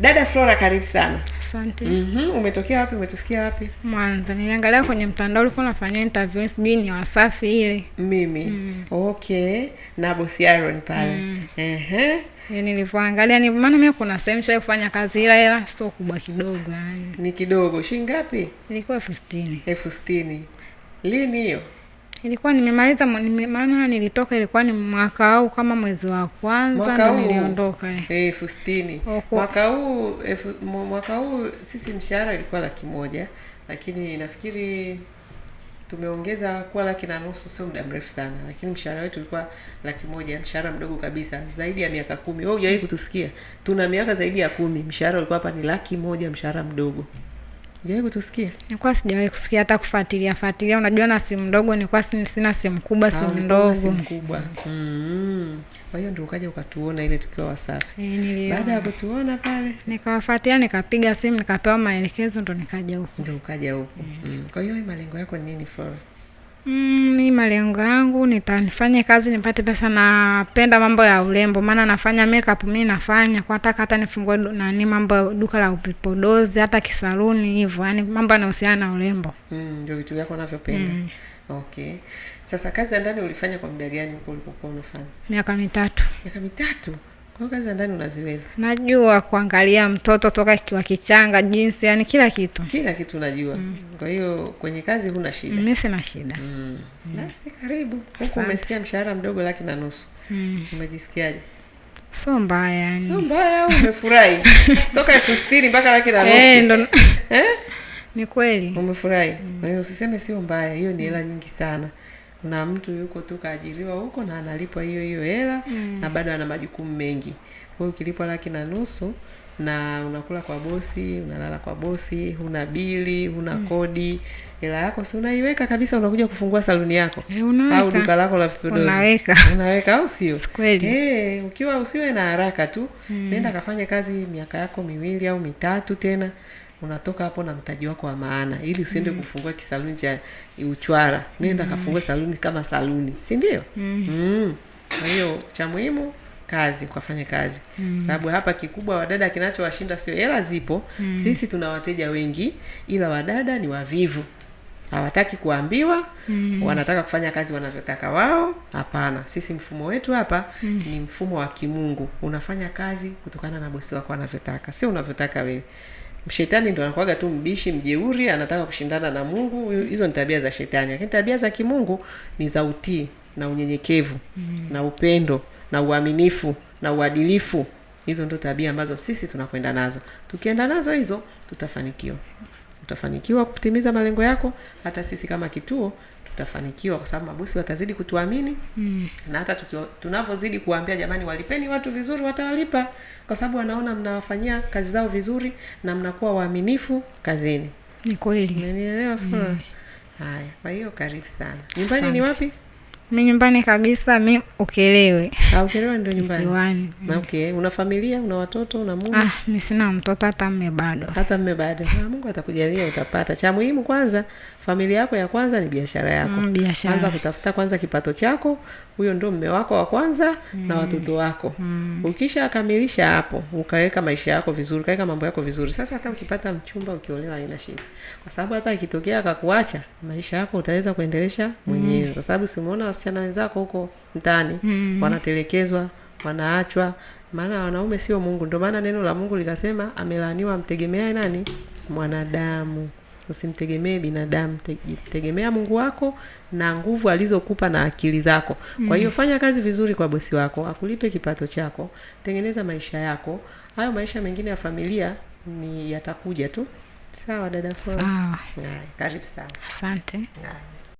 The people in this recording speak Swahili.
Dada Flora karibu sana. Asante. Mm -hmm. Umetokea wapi? Umetusikia wapi? Mwanza. Niliangalia kwenye mtandao ulikuwa unafanya interview sijui ni Wasafi ile. Mimi. Mm. Okay. Na Boss Iron pale. Mm. Ehe. Yaani nilivyoangalia ni maana mimi kuna sehemu shai kufanya kazi ila ila sio kubwa kidogo yani. Ni kidogo. Shilingi ngapi? Ilikuwa elfu sitini. Elfu sitini. Lini hiyo? Ilikuwa nimemaliza maana nilitoka, ilikuwa ni mwaka huu kama mwezi wa kwanza ndo niliondoka eh. elfu sitini mwaka huu mwaka huu sisi mshahara ilikuwa laki moja lakini nafikiri tumeongeza kuwa laki na nusu, sio muda mrefu sana, lakini mshahara wetu ulikuwa laki moja, mshahara mdogo kabisa, zaidi ya miaka kumi. Wewe hujawahi kutusikia, tuna miaka zaidi ya kumi, mshahara ulikuwa hapa ni laki moja, mshahara mdogo. Hujawahi kutusikia? Nilikuwa sijawahi kusikia hata kufuatilia fuatilia. Unajua na simu ndogo nilikuwa sina simu kubwa, ah, simu ndogo. Simu kubwa. Mm-hmm. Kwa hiyo ndio ukaja ukatuona ile tukiwa Wasafi. E, eh, baada ya kutuona pale nikawafuatilia, nikapiga simu, nikapewa maelekezo, ndo nikaja huku. ndo ukaja huku. Mm. Mm. Kwa hiyo malengo yako ni nini Flora? ni mm, malengo yangu nifanye kazi nipate pesa. Napenda mambo ya urembo, maana nafanya makeup, mimi nafanya kwa hata hata nifungue nani, mambo ya duka la upipodozi, hata kisaluni hivyo, yani mambo yanahusiana na urembo. Mm, ndio vitu vyako unavyopenda. Mm. Okay. Sasa kazi ya ndani ulifanya kwa muda gani ulipokuwa unafanya? Miaka mitatu. Miaka mitatu kazi za ndani unaziweza? Najua kuangalia mtoto toka kiwa kichanga, jinsi yani kila kitu, kila kitu najua. mm. Kwa hiyo kwenye kazi huna shida? Mimi sina shida. mm. mm. Basi karibu huku. Umesikia mshahara mdogo, laki na nusu. mm. Umejisikiaje? Sio mbaya yani, sio mbaya. Umefurahi toka elfu sitini mpaka laki na eh, nusu? Eh, ndo eh, ni kweli. Umefurahi? mm. Usiseme sio mbaya, hiyo ni hela nyingi sana kuna mtu yuko tu kaajiriwa huko na analipwa hiyo hiyo hela mm. na bado ana majukumu mengi. Kwa hiyo ukilipwa laki na nusu na unakula kwa bosi, unalala kwa bosi, huna bili, huna mm. kodi, hela yako si unaiweka kabisa, unakuja kufungua saluni yako e, au duka lako la vipodozi unaweka, unaweka au sio? Eh, ukiwa usiwe na haraka tu mm. nenda kafanye kazi miaka yako miwili au mitatu tena unatoka hapo na mtaji wako wa maana, ili usiende mm. kufungua kisaluni cha uchwara. Nenda mm. kafungue saluni kama saluni, si ndio? mm. mm. Kwa hiyo cha muhimu kazi, ukafanya kazi mm. sababu hapa kikubwa wadada kinachowashinda sio hela, zipo mm. sisi tuna wateja wengi, ila wadada ni wavivu hawataki kuambiwa mm. wanataka kufanya kazi wanavyotaka wao. Hapana, sisi mfumo wetu hapa mm. ni mfumo wa kimungu. Unafanya kazi kutokana na bosi wako anavyotaka, sio unavyotaka wewe. Shetani ndo anakuwaga tu mbishi, mjeuri, anataka kushindana na Mungu. Hizo ni tabia za shetani, lakini tabia za kimungu ni za utii na unyenyekevu mm. na upendo na uaminifu na uadilifu. Hizo ndo tabia ambazo sisi tunakwenda nazo. Tukienda nazo hizo, tutafanikiwa. Utafanikiwa kutimiza malengo yako, hata sisi kama kituo tutafanikiwa kwa sababu mabosi watazidi kutuamini mm. na hata tunavyozidi kuwaambia jamani, walipeni watu vizuri, watawalipa kwa sababu wanaona mnawafanyia kazi zao vizuri na mnakuwa waaminifu kazini. Ni kweli, mm. Haya, kwa hiyo karibu sana. Nyumbani ni wapi? Mi nyumbani kabisa, mi Ukelewe. Ah, Ukelewe ndio nyumbani. Siwani. Na okay, una familia, una watoto, una mume? Ah, mi sina mtoto hata mme bado. Hata mme bado. Ah, Mungu atakujalia utapata. Cha muhimu kwanza, familia yako ya kwanza ni biashara yako. Mm, biashara. Anza kutafuta kwanza kipato chako, huyo ndio mme wako wa kwanza mm, na watoto wako. Mm. Ukisha kamilisha hapo, ukaweka maisha yako vizuri, kaweka mambo yako vizuri. Sasa hata ukipata mchumba ukiolewa haina shida. Kwa sababu hata ikitokea akakuacha, maisha yako utaweza kuendelesha mwenyewe. Mm mwenyewe, kwa sababu simuona wasichana wenzako huko mtaani mm. wanatelekezwa, wanaachwa, maana wanaume sio Mungu. Ndio maana neno la Mungu likasema, amelaaniwa mtegemeaye nani? Mwanadamu. Usimtegemee binadamu, tegemea Mungu wako na nguvu alizokupa na akili zako. Kwa mm. hiyo fanya kazi vizuri kwa bosi wako, akulipe kipato chako, tengeneza maisha yako. Hayo maisha mengine ya familia ni yatakuja tu. Sawa dada, karibu sana, asante.